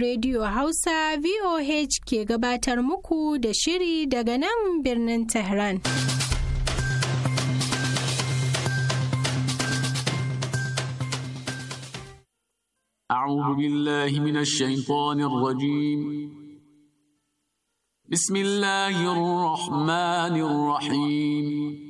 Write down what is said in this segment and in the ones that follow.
Radiyo Hausa voh ke gabatar muku da shiri daga nan birnin tehran A'a wajen yi tafiya da shi a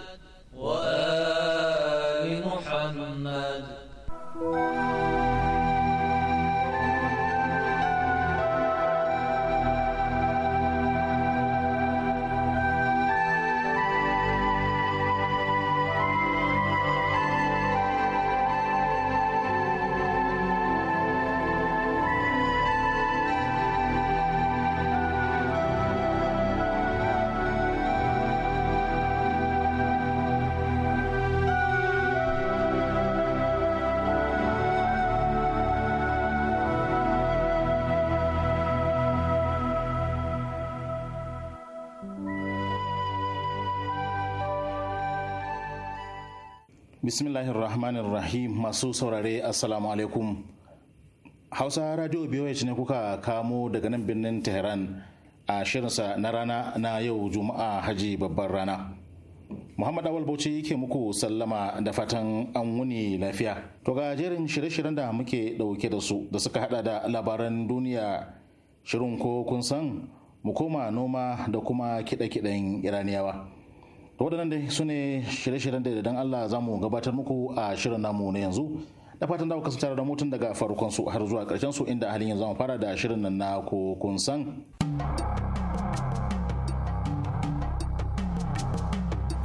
bismillahir rahmanir rahim masu saurare assalamu alaikum hausa radio biyoyi ne kuka kamo daga nan birnin tehran a shirinsa na rana na yau juma'a haji babbar rana muhammad awal bauchi yake muku sallama da fatan an wuni lafiya to ga jerin shirye-shiryen da muke dauke da su da suka hada da labaran duniya shirin ko kun san mu koma noma da kuma kiɗe-kiɗen iraniyawa waɗannan dai su ne shirye-shiryen da idan Allah za mu gabatar muku a shirin namu na yanzu da fatan da kasance tare da mutum daga farkon su har zuwa ƙarshen su inda halin yanzu mu fara da shirin nan na ko kun san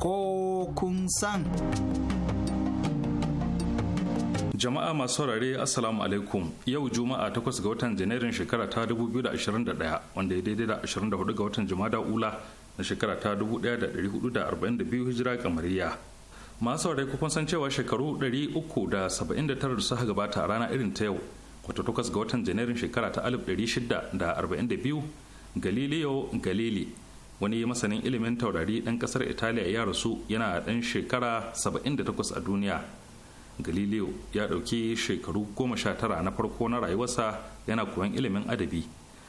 ko kun san jama'a masu saurare assalamu alaikum yau juma'a 8 ga watan janairun shekara ta 2021 wanda ya daidai da 24 ga watan da ula na shekara ta 1442 hijira kamariya masu saurari kuma san cewa shekaru 379 da suka gabata a rana irin ta yau wato takwas ga watan janairun shekara ta 1642 galileo galili wani masanin ilimin taurari ɗan ƙasar italiya ya rasu yana ɗan shekara 78 a duniya galileo ya ɗauki shekaru 19 na farko na rayuwarsa yana koyon ilimin adabi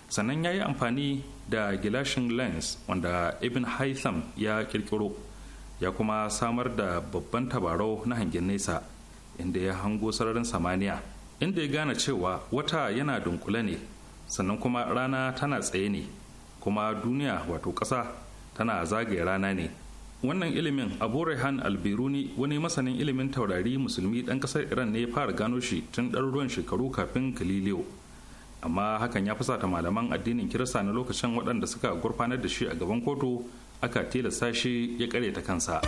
sannan ya yi amfani da gilashin lens wanda ibn haitham ya kirkiro ya kuma samar da babban tabarau na hangen nesa inda ya hango sararin samaniya inda ya gane cewa wata yana dunkule ne sannan kuma rana tana tsaye ne kuma duniya wato ƙasa tana zagaye rana ne wannan ilimin abu rehan albiruni wani masanin ilimin taurari musulmi ɗan ƙasar iran ne ya fara gano shi tun ɗaruruwan shekaru kafin galileo amma hakan ya fusata malaman addinin kirista na lokacin waɗanda suka gurfanar da shi a gaban kotu aka tilasta shi ya ta kansa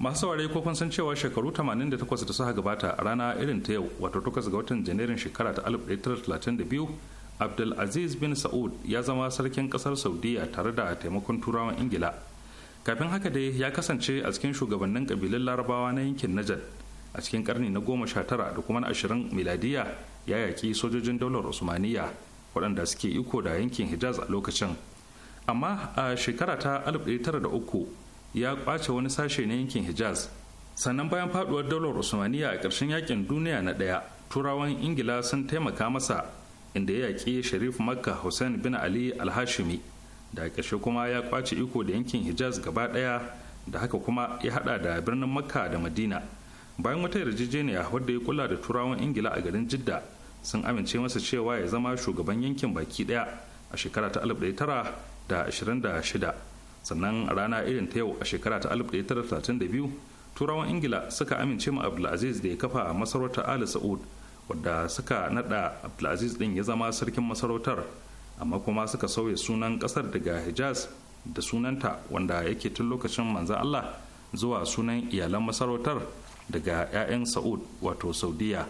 masu saurare ko kun san cewa shekaru 88 da suka gabata a rana irin ta yau wato 8 ga watan janairun shekara ta 1932 abdulaziz bin sa'ud ya zama sarkin kasar saudiya tare da taimakon turawan ingila kafin haka dai ya kasance a cikin shugabannin kabilan larabawa na yankin najad a cikin karni na goma sha tara da kuma na ashirin miladiya ya yaƙi sojojin daular usmaniya waɗanda suke iko da yankin hijaz a lokacin amma a shekara ta da uku ya ƙwace wani sashe na yankin hijaz sannan bayan faduwar daular usmaniya a ƙarshen yakin duniya na ɗaya turawan ingila sun taimaka masa inda ya yaƙi sharif makka hussein bin ali alhashimi da ƙarshe kuma ya kwace iko da yankin hijaz gaba ɗaya da haka kuma ya haɗa da birnin makka da madina bayan wata yarjejeniya wadda ya kula da turawan ingila a garin jidda sun amince masa cewa ya zama shugaban yankin baki daya a shekara ta 1926 sannan a rana irin ta yau a shekara ta 1932 turawan ingila suka amince ma abdulaziz da ya kafa masarautar ali sa'ud wadda suka nada abdulaziz din ya zama sarkin masarautar amma kuma suka sauya sunan kasar daga hijaz da sunanta wanda yake tun lokacin manzan allah zuwa sunan iyalan masarautar daga 'ya'yan sa'ud wato saudiya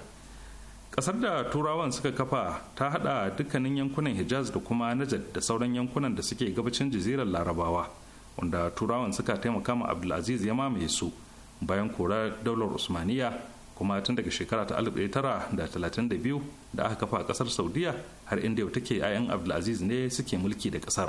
kasar da turawan suka kafa ta hada dukkanin yankunan hijaz da kuma najad da sauran yankunan da suke gabacin jazirar larabawa wanda turawan suka taimaka ma abdulaziz ya mamaye su bayan kora daular usmaniya kuma tun daga shekara ta 1932 da aka kafa kasar saudiya har inda yau take 'ya'yan abdulaziz ne suke mulki da kasar.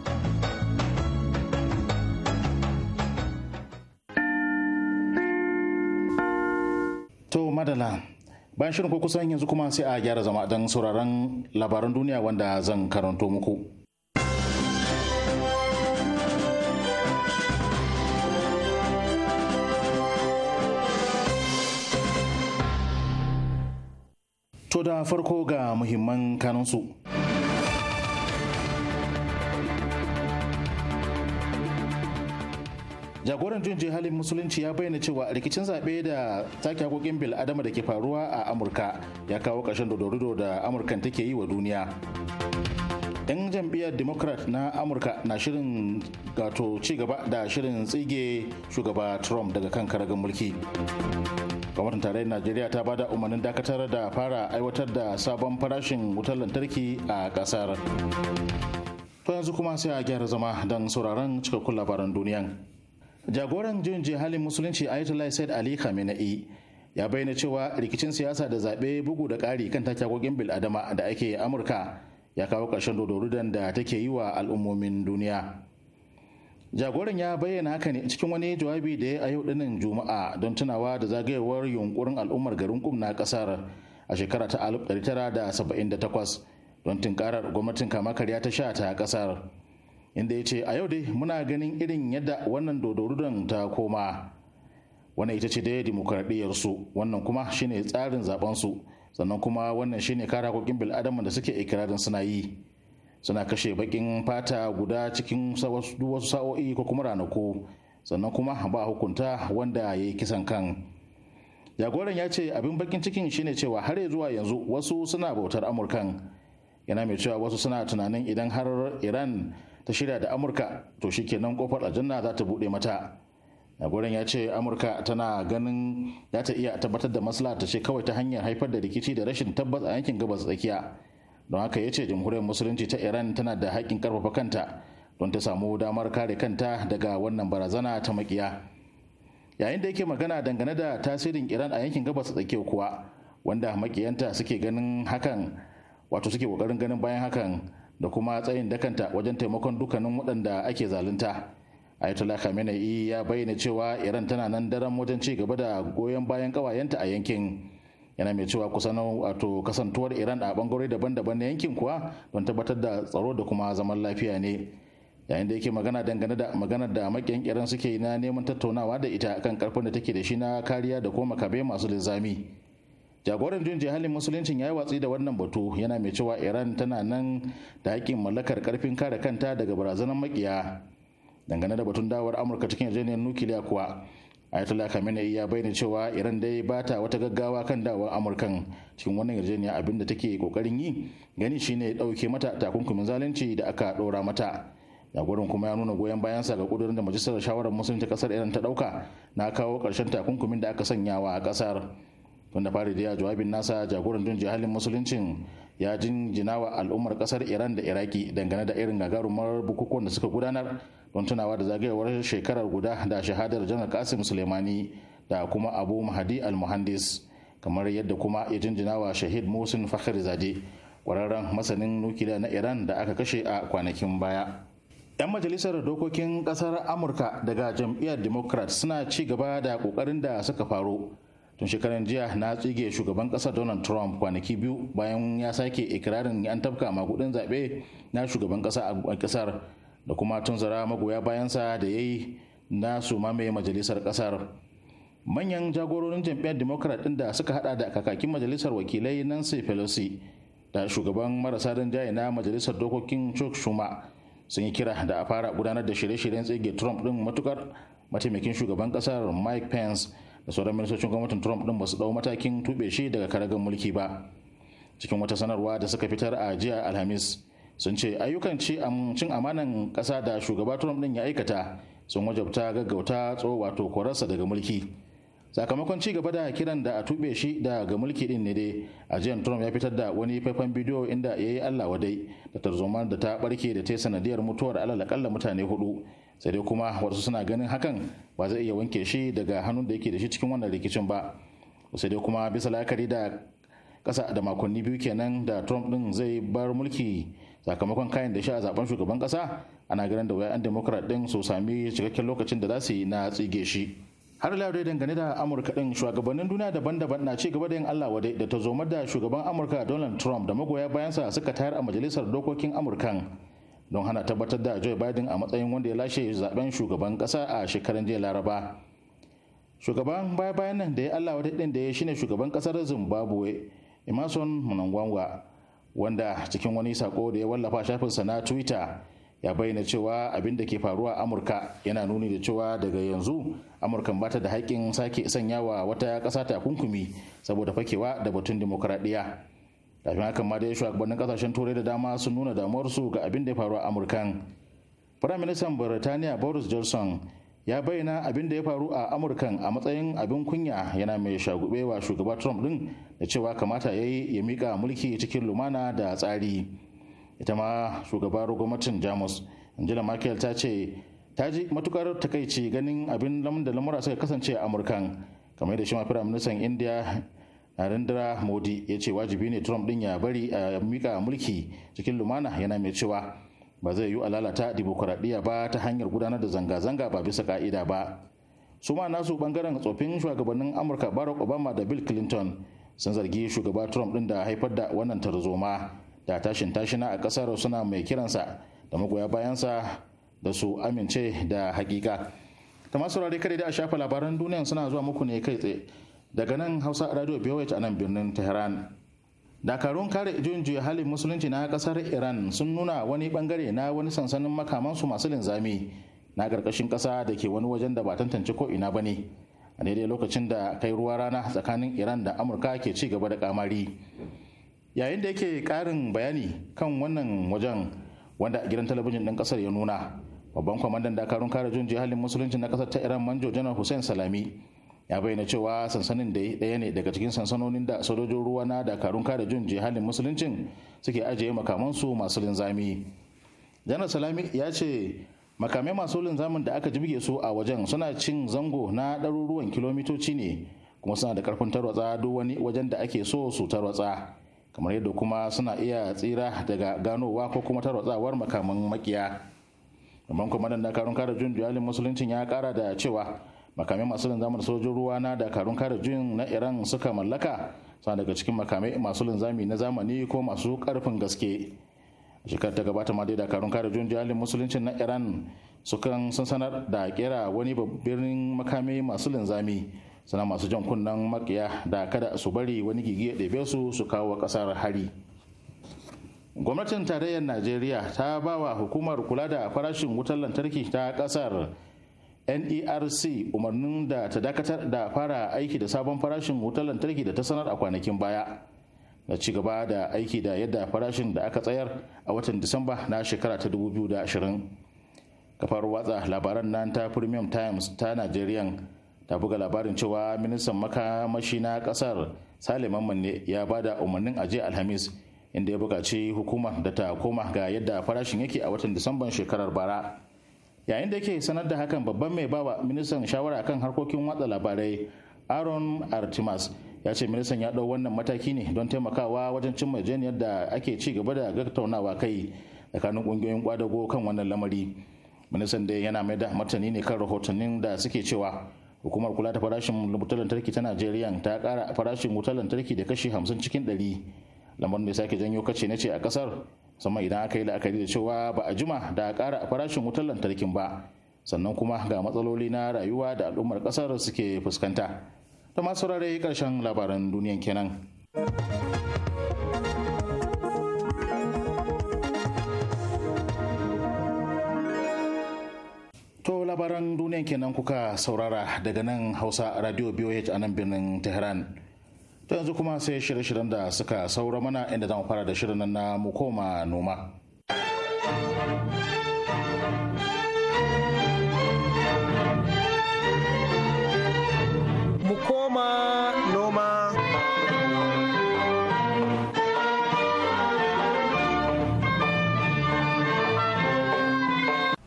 madala bayan shirin ko kusan yanzu kuma sai a gyara zama don sauraron labaran duniya wanda zan karanto muku to da farko ga muhimman kanunsu jagoran jin halin musulunci ya bayyana cewa rikicin zaɓe da take hakokin bil adama da ke faruwa a amurka ya kawo ƙarshen dodorido da amurkan take yi wa duniya 'yan jam'iyyar democrat na amurka na shirin gato ci gaba da shirin tsige shugaba trump daga kan karagar mulki gwamnatin tarayyar najeriya ta bada umarnin dakatar da fara aiwatar da sabon farashin wutar lantarki a kasar to yanzu kuma sai a gyara zama don sauraron cikakkun labaran duniyan jagoran juyin halin musulunci ayatollah said ali khamenei ya bayyana cewa rikicin siyasa da zaɓe bugu da ƙari kan take bil adama da ake amurka ya kawo ƙarshen dodorudan da take yi wa al'ummomin duniya jagoran ya bayyana haka ne cikin wani jawabi da ya a yau dinin juma'a don tunawa da zagayewar yunkurin al'ummar garin kum na ƙasar a shekara ta 1978 don tunkarar gwamnatin kama karya ta sha ta ƙasar inda ya ce a yau dai muna ganin irin yadda wannan dodorudan ta koma wannan ita ce dai dimokuraɗiyarsu wannan kuma shine tsarin zabansu sannan kuma wannan shine kara hakokin bil'adama da suke ikirarin suna yi suna kashe bakin fata guda cikin wasu sa'o'i ko kuma ranaku sannan kuma ba hukunta wanda ya yi kisan kan jagoran ya ce abin bakin cikin shine cewa har zuwa yanzu wasu suna bautar amurkan yana mai cewa wasu suna tunanin idan har iran ta shirya da amurka to shikenan kofar aljanna za ta buɗe mata gurin ya ce amurka tana ganin za ta iya tabbatar da maslaha ta ce kawai ta hanyar haifar da rikici da rashin tabbas a yankin gabas tsakiya don haka ya ce jamhuriyar musulunci ta iran tana da haƙƙin karfafa kanta don ta samu damar kare kanta daga wannan barazana ta makiya yayin da yake magana dangane da tasirin iran a yankin gabas tsakiya kuwa wanda makiyanta suke ganin hakan wato suke ƙoƙarin ganin bayan hakan da kuma tsayin dakanta wajen taimakon dukkanin waɗanda ake zalunta ayatollah khamenei ya bayyana cewa iran tana nan daren wajen ci gaba da goyon bayan kawayenta a yankin yana mai cewa kusan wato kasantuwar iran a bangarori daban-daban na yankin kuwa don tabbatar da tsaro da kuma zaman lafiya ne yayin da yake magana dangane da maganar da makiyan iran suke na neman tattaunawa da ita kan karfin da take da shi na kariya da kuma makabe masu linzami jagoran jin jihalin musuluncin ya yi watsi da wannan batu yana mai cewa iran tana nan da haƙƙin mallakar karfin kare kanta daga barazanar makiya dangane da batun dawar amurka cikin yarjejeniyar nukiliya kuwa ayatollah khamenei ya bayyana cewa iran dai ba ta wata gaggawa kan dawar amurkan cikin wannan yarjejeniya abin da take kokarin yi gani shine ɗauke mata takunkumin zalunci da aka ɗora mata jagoran kuma ya nuna goyon bayansa ga kudurin da majalisar shawarar musulunci kasar iran ta ɗauka na kawo ƙarshen takunkumin da aka sanyawa a ƙasar da fari da jawabin nasa jagoran jin jihalin musuluncin ya jinjina wa al'ummar kasar iran da iraki dangane da irin gagarumar bukukuwan da suka gudanar don tunawa da zagayewar shekarar guda da shahadar janar kasim suleimani da kuma abu mahadi al-muhandis kamar yadda kuma ya jinjina wa shahid musin fakhar zade kwararren masanin nukiliya na iran da aka kashe a kwanakin baya 'yan majalisar dokokin kasar amurka daga jam'iyyar democrat suna ci gaba da kokarin da suka faru. tun shekaran jiya na tsige shugaban kasa donald trump kwanaki biyu bayan ya sake ikirarin an tafka makudin zaɓe na shugaban kasa a kasar da kuma tunzara magoya bayansa da ya yi na su mamaye majalisar kasar manyan jagororin jam'iyyar democrat ɗin da suka hada da kakakin majalisar wakilai nancy pelosi da shugaban marasa rinjaye na majalisar dokokin chuck schumer sun yi kira da a fara gudanar da shirye-shiryen tsige trump din matukar mataimakin shugaban kasar mike pence da sauran ministocin gwamnatin trump din ba su dau matakin tube shi daga karagar mulki ba cikin wata sanarwa da suka fitar a jiya alhamis sun ce ayyukan cin amanan kasa da shugaba trump din ya aikata sun wajabta gaggauta tso wato kwararsa daga mulki sakamakon ci gaba da kiran da a tube shi daga mulki din ne dai ajiyar trump ya fitar da wani faifan bidiyo inda ya yi allah wadai da tarzoma da ta barke da ta yi sanadiyar mutuwar akalla mutane hudu sai dai kuma wasu suna ganin hakan ba zai iya wanke shi daga hannun da yake da shi cikin wannan rikicin ba sai dai kuma bisa la'akari da kasa da makonni biyu kenan da trump din zai bar mulki sakamakon kayan da shi a zaben shugaban kasa ana ganin da wayan democrat din su sami cikakken lokacin da za su yi na tsige shi har laure dangane da amurka din shugabannin duniya daban-daban na ci gaba da yin allah wadai da ta zomar da shugaban amurka donald trump da magoya bayansa suka tayar a majalisar dokokin amurkan don hana tabbatar da joe biden a matsayin wanda ya lashe zaben shugaban kasa a shekaran jiya laraba shugaban baya bayan nan da ya allah wata da ya shine shugaban kasar zimbabwe emerson mnangagwa wanda cikin wani sako da ya wallafa shafinsa na twitter ya bayyana cewa abin da ke faruwa a amurka yana nuni da cewa daga yanzu amurkan bata da haƙƙin sake sanyawa wata ƙasa takunkumi saboda fakewa da batun dimokuraɗiyya kafin hakan ma dai shugabannin kasashen turai da dama sun nuna damuwarsu ga abin da ya faru a amurkan firaministan birtaniya boris johnson ya bayyana abin da ya faru a amurkan a matsayin abin kunya yana mai shagubewa shugaba trump din da cewa kamata ya yi ya miƙa mulki cikin lumana da tsari ita ma shugabar gwamnatin jamus angela merkel ta ce ta ji matukar takaici ganin abin da lamura suka kasance a amurkan kamar da shi ma firaministan india Narendra Modi ya ce wajibi ne Trump din ya bari a mika mulki cikin lumana yana mai cewa ba zai yi a lalata dimokuraɗiyya ba ta hanyar gudanar da zanga-zanga ba bisa ka'ida ba. Su ma nasu bangaren tsofin shugabannin Amurka Barack Obama da Bill Clinton sun zargi shugaba Trump din da haifar da wannan tarzoma da tashin tashina a ƙasar suna mai kiransa da magoya bayansa da su amince da hakika. kamar saurari kare da a shafa labaran duniya suna zuwa muku ne kai tsaye daga nan hausa radio biyowace a nan birnin tehran dakarun kare juyin halin musulunci na kasar iran sun nuna wani bangare na wani sansanin makamansu masu linzami na karkashin kasa da ke wani wajen da ba tantance ko ina ba ne a daidai lokacin da kai ruwa rana tsakanin iran da amurka ke ci gaba da kamari yayin da yake ƙarin bayani kan wannan wajen wanda gidan talabijin ɗin ƙasar ya nuna babban kwamandan dakarun kare junji halin musulunci na kasar ta iran manjo janar hussein salami ya bayyana cewa sansanin da daya ne daga cikin sansanonin da sojojin ruwa na dakarun kare jin jihalin musuluncin suke ajiye makamansu masu linzami janar salami ya ce makamai masu linzamin da aka jibge su a wajen suna cin zango na ɗaruruwan kilomitoci ne kuma suna da karfin tarwatsa duk wani wajen da ake so su tarwatsa kamar yadda kuma suna iya tsira daga ganowa ko kuma tarwatsawar makaman makiya. kuma da dakarun kare jun jihalin musuluncin ya kara da cewa makamai masu linzamin sojin ruwa na dakarun kare juyin na iran suka mallaka sa daga cikin makamai masu linzami na zamani ko masu karfin gaske shekarar ta gabata ma dai dakarun kare juyin jihalin musuluncin na iran sukan sun sanar da kera wani birnin makamai masu linzami sana masu jan kunnen makiya da kada su bari wani gigi ya ɗebe su su kawo ƙasar hari gwamnatin tarayyar najeriya ta bawa hukumar kula da farashin wutar lantarki ta ƙasar nerc umarnin da ta dakatar da fara aiki da sabon farashin wutar lantarki da ta sanar a kwanakin baya na ci gaba da aiki da yadda farashin da aka tsayar a watan disamba na shekara ta 2020 kafar watsa labaran nan ta premium times ta nigerian ta buga labarin cewa ministan makamashi na kasar sale mamman ne ya ba da umarnin aje alhamis inda ya buƙaci hukuma da ta koma ga yadda farashin yake a watan disamban shekarar bara yayin da yake sanar da hakan babban mai bawa ministan shawara akan harkokin watsa labarai aaron artimas ya ce ministan ya ɗau wannan mataki ne don taimakawa wajen cimma yarjejeniyar da ake ci gaba da tattaunawa kai tsakanin ƙungiyoyin kwadago kan wannan lamari ministan dai yana mai da martani ne kan rahotannin da suke cewa hukumar kula da farashin wutar lantarki ta najeriya ta kara farashin wutar lantarki da kashi 50 cikin 100 lambar mai sake janyo kace na ce a kasar sama idan aka yi la'akari da cewa ba a jima da a ƙara farashin wutar lantarkin ba sannan kuma ga matsaloli na rayuwa da al'ummar ƙasar suke fuskanta da masu rare ƙarshen labaran duniyan kenan To labaran duniyan kenan kuka saurara daga nan Hausa Radio BOH a nan birnin Tehran. yanzu kuma sai shirye-shiryen da suka saura mana inda zamu fara da shirin na mu koma noma mu koma noma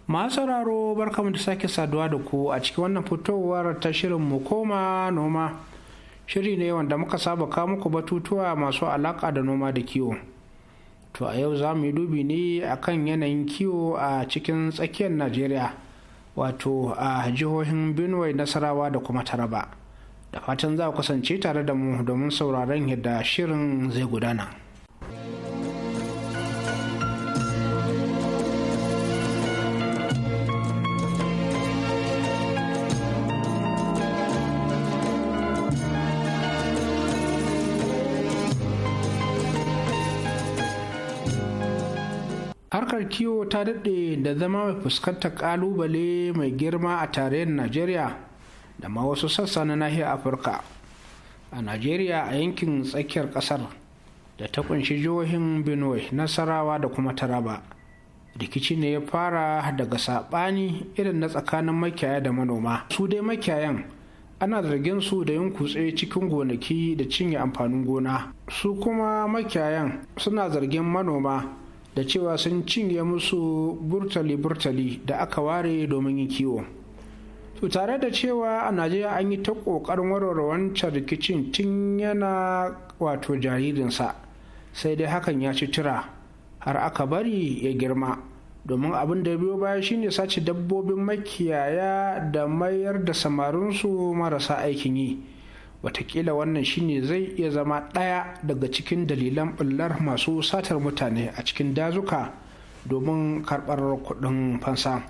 masu sauraro barkamu da sake saduwa da ku a cikin wannan fitowar ta shirin mu koma noma shiri ne wanda muka saba ka muku batutuwa masu alaka da noma da kiwo to a yau za mu yi dubi ne akan yanayin kiwo a cikin tsakiyar najeriya wato a jihohin benue nasarawa da kuma taraba da fatan za ku kasance tare da mu domin sauraron yadda shirin zai gudana. harkar kiwo ta daɗe da zama mai fuskantar ƙalubale mai girma a tarayyar najeriya da ma wasu sassa na nahiyar afirka a najeriya a yankin tsakiyar ƙasar da ta kunshi jihohin benue nasarawa da kuma taraba rikici ne ya fara daga saɓani irin na tsakanin makiyaya da manoma su dai makiyayan ana zargin su da yin kutse cikin gonaki da cinye amfanin gona su kuma makiyayan suna zargin manoma da cewa sun cinye musu burtali-burtali da aka ware domin yin kiwo to tare da cewa a najeriya an yi ta ƙoƙarin warware wancan rikicin tun yana wato jaririnsa sai dai hakan ya ci tura har aka bari ya girma domin abin da biyo baya shine sace dabbobin makiyaya da mayar da samarinsu marasa aikin yi watakila wannan shine zai iya zama ɗaya daga cikin dalilan ɓullar masu satar mutane a cikin dazuka domin karɓar kuɗin fansa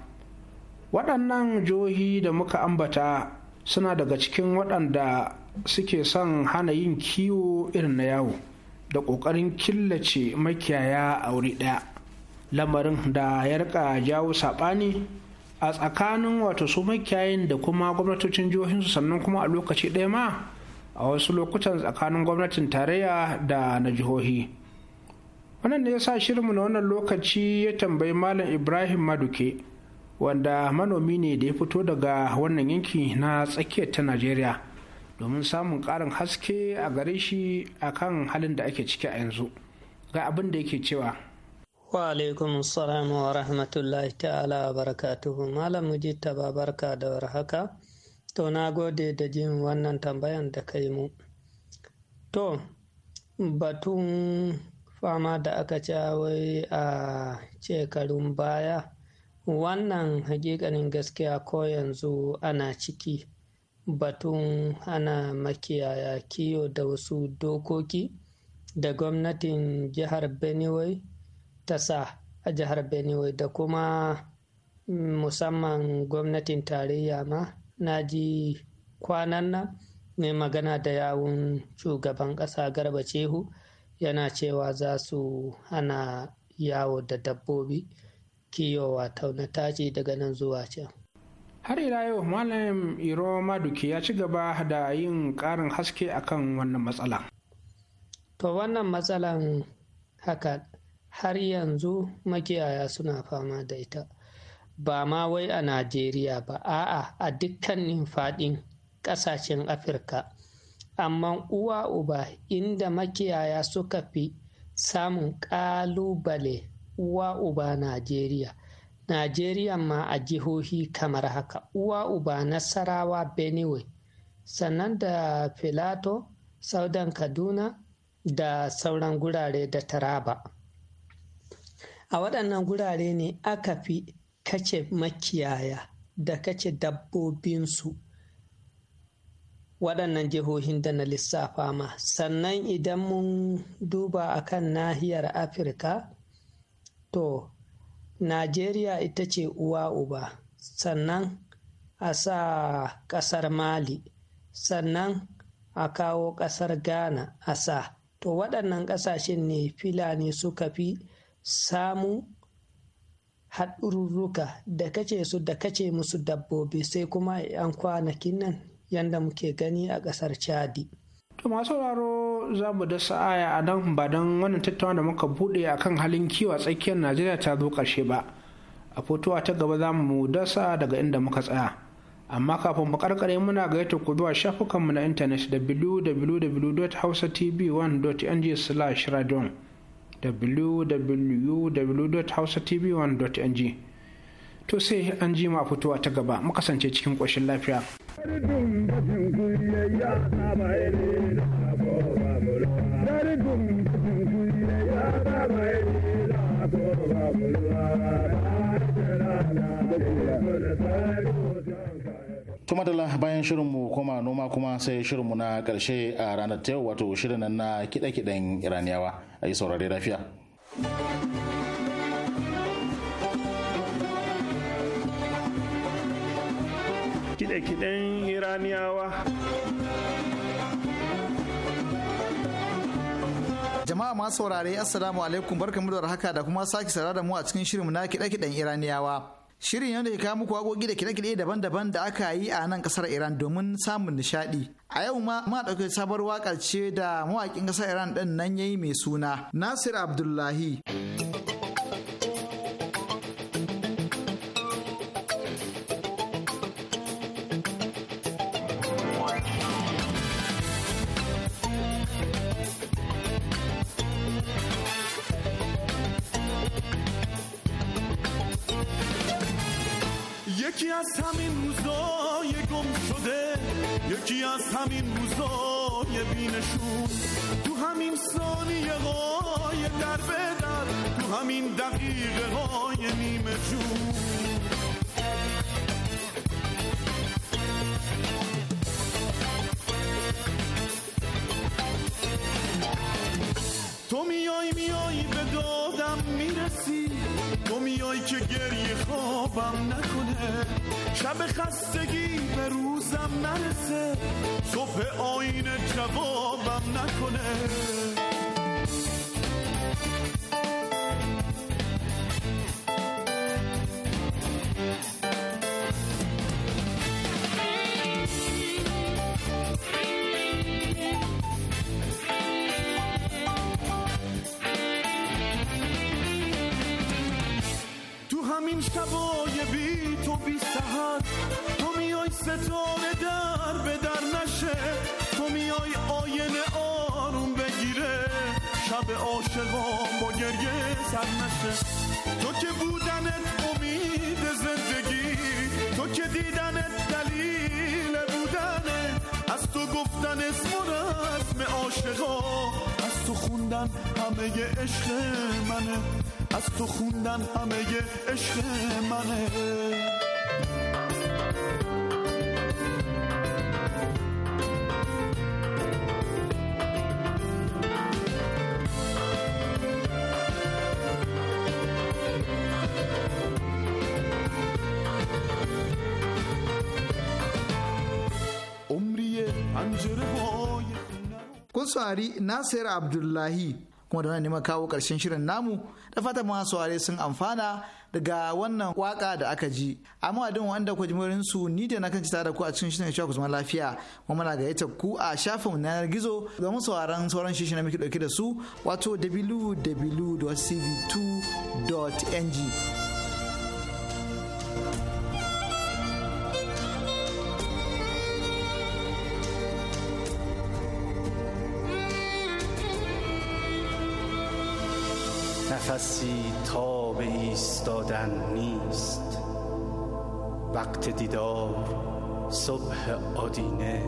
waɗannan jihohi da muka ambata suna daga cikin waɗanda suke son hana yin kiwo irin na yawo da ƙoƙarin killace makiyaya a wuri ɗaya lamarin da ya rika jawo saɓani a tsakanin wato su makiyayin da kuma gwamnatocin jihohinsu sannan kuma a lokaci ɗaya ma a wasu lokutan tsakanin gwamnatin tarayya da na jihohi wannan ne ya sa shirinmu na wannan lokaci ya tambayi malam ibrahim maduke wanda manomi ne da ya fito daga wannan yanki na tsakiyar ta najeriya domin samun karin haske a gare shi akan halin da ake ciki a yanzu ga abin da yake cewa wa alaikum salam wa rahmatullahi ta'ala barakatuhu malam mujita ba barka da warhaka To na gode da jin wannan tambayan da kai mu. To, batun fama da aka wai a shekarun baya, wannan hakikanin gaskiya ko yanzu ana ciki batun ana makiyaya kiyo da wasu dokoki da gwamnatin jihar Benue ta sa a jihar Benue da kuma musamman gwamnatin tarayya ma na ji kwanan nan mai magana da yawun shugaban ƙasa garba cehu yana cewa za su hana yawo da dabbobi kiyowa ta na taji daga nan zuwa can har ila yau malam iro maduki ya ci gaba da yin ƙarin haske akan wannan matsala to wannan matsalan haka har yanzu makiyaya suna fama da ita ba ma wai a najeriya ba a'a a dukkanin faɗin ƙasashen afirka amma uwa uba inda makiyaya suka fi samun ƙalubale uwa uba najeriya najeriya ma a jihohi kamar haka uwa uba nasarawa benue sannan da filato saudan kaduna da sauran gurare da taraba a waɗannan gurare ne aka fi kace makiyaya da kace dabbobinsu waɗannan jihohin da na lissafa ma sannan idan mun duba a kan nahiyar afirka to najeriya ita ce uwa uba sannan a sa ƙasar mali sannan a kawo ƙasar ghana a sa to waɗannan ƙasashen ne filani suka fi samu haɗururruka da kace su da kace musu dabbobi sai kuma yan kwanakin nan yadda muke gani a ƙasar chadi. To masu sauraro za mu dasa aya a nan ba don wannan tattauna da muka buɗe a kan halin kiwa tsakiyar Najeriya ta zo ƙarshe ba. A fotowa ta gaba za mu dasa daga inda muka tsaya. Amma kafin mu karkare muna gayyata ku zuwa shafukanmu na intanet www.hausatv1.ng/radion www.hausatv1.ng to sai an ji ma fitowa ta gaba mu kasance cikin ƙoshin lafiya. Thank you. kuma da bayan shirinmu koma noma kuma sai shirinmu na ƙarshe a ranar ta yau wato shirin nan na kiɗe-kiɗen Iraniyawa a yi saurare lafiya. Kiɗe-kiɗen Iraniyawa. Jama'a masu saurare Assalamu alaikum barkamu da haka da kuma sake sara da mu a cikin shirinmu na kiɗe-kiɗen Iraniyawa. Shirin yau da ya kawo muku agogi da kire-kire daban-daban da aka yi a nan ƙasar Iran domin samun nishaɗi. A yau ma ma ɗauke sabar waƙar ce da mawaƙin ƙasar Iran ɗin nan ya yi mai suna Nasir Abdullahi. تو میای میای به دادم میرسی تو میای که گریه خوابم نکنه شب خستگی به روزم نرسه صبح آینه جوابم نکنه بشه تو میای آینه آروم بگیره شب عاشقام با گریه سر نشه تو که بودنت امید زندگی تو که دیدنت دلیل بودنه از تو گفتن اسم و رسم عاشقا از تو خوندن همه عشق منه از تو خوندن همه عشق منه saurari Nasir Abdullahi kuma da neman kawo ƙarshen shirin namu da fata ma saurare sun amfana daga wannan waka da aka ji amma adin wanda ku jimirin su ni da nakan cita da ku a cikin shirin shi ku zama lafiya kuma muna gayyata ku a shafin yanar gizo domin sauraron sauran shirin da muke dauke da su wato www.cv2.ng نفسی به ایستادن نیست وقت دیدار صبح آدینه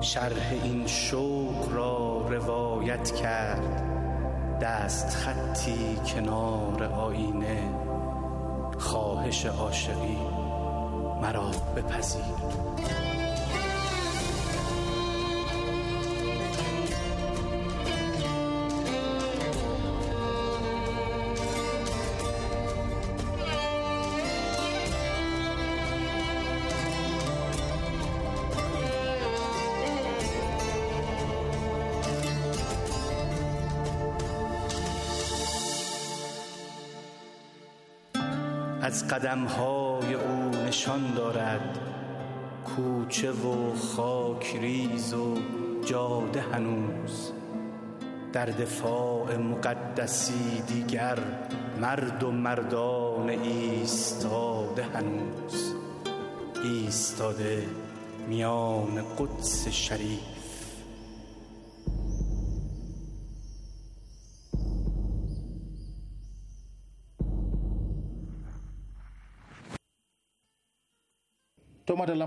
شرح این شوق را روایت کرد دست خطی کنار آینه خواهش عاشقی مرا بپذیر از قدم های او نشان دارد کوچه و خاکریز و جاده هنوز در دفاع مقدسی دیگر مرد و مردان ایستاده هنوز ایستاده میان قدس شریف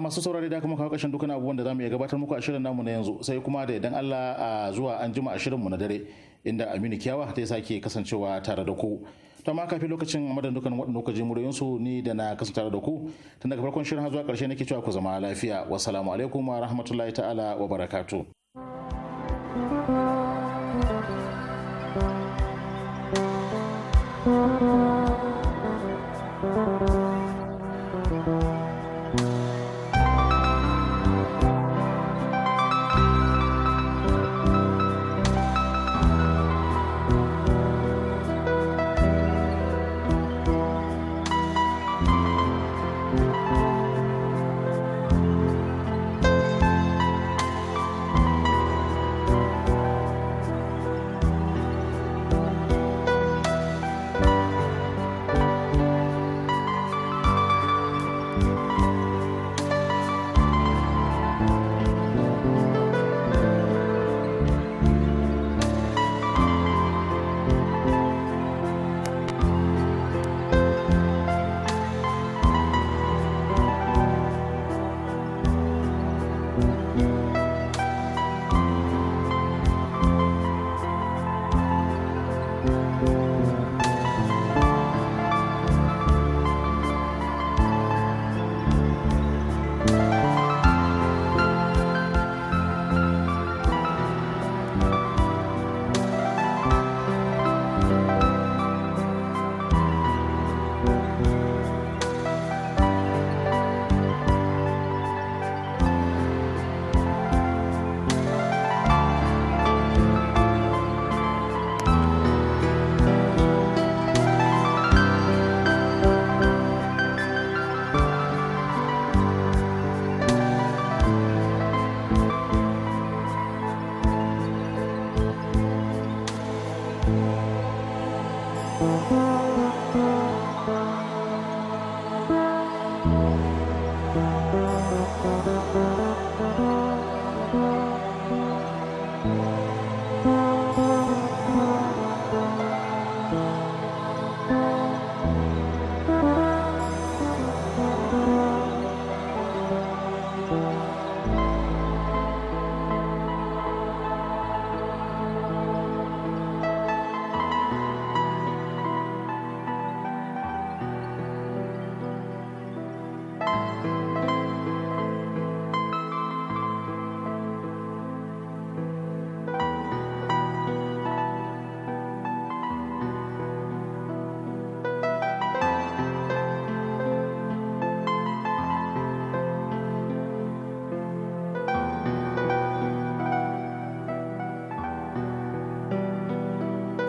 masu saurari da kuma kawo ƙarshen dukkan abubuwan da zamu iya gabatar muku a shirin namu na yanzu sai kuma da idan Allah a zuwa an jima a shirin mu na dare inda Aminu Kiyawa ta sake kasancewa tare da ku. to ma kafin lokacin madan dukkan waɗanda kuka ji muryoyin ni da na kasance tare da ku tun daga farkon shirin har zuwa ƙarshe nake cewa ku zama lafiya wassalamu alaikum wa rahmatullahi ta'ala wa barakatu. thank you Thank you.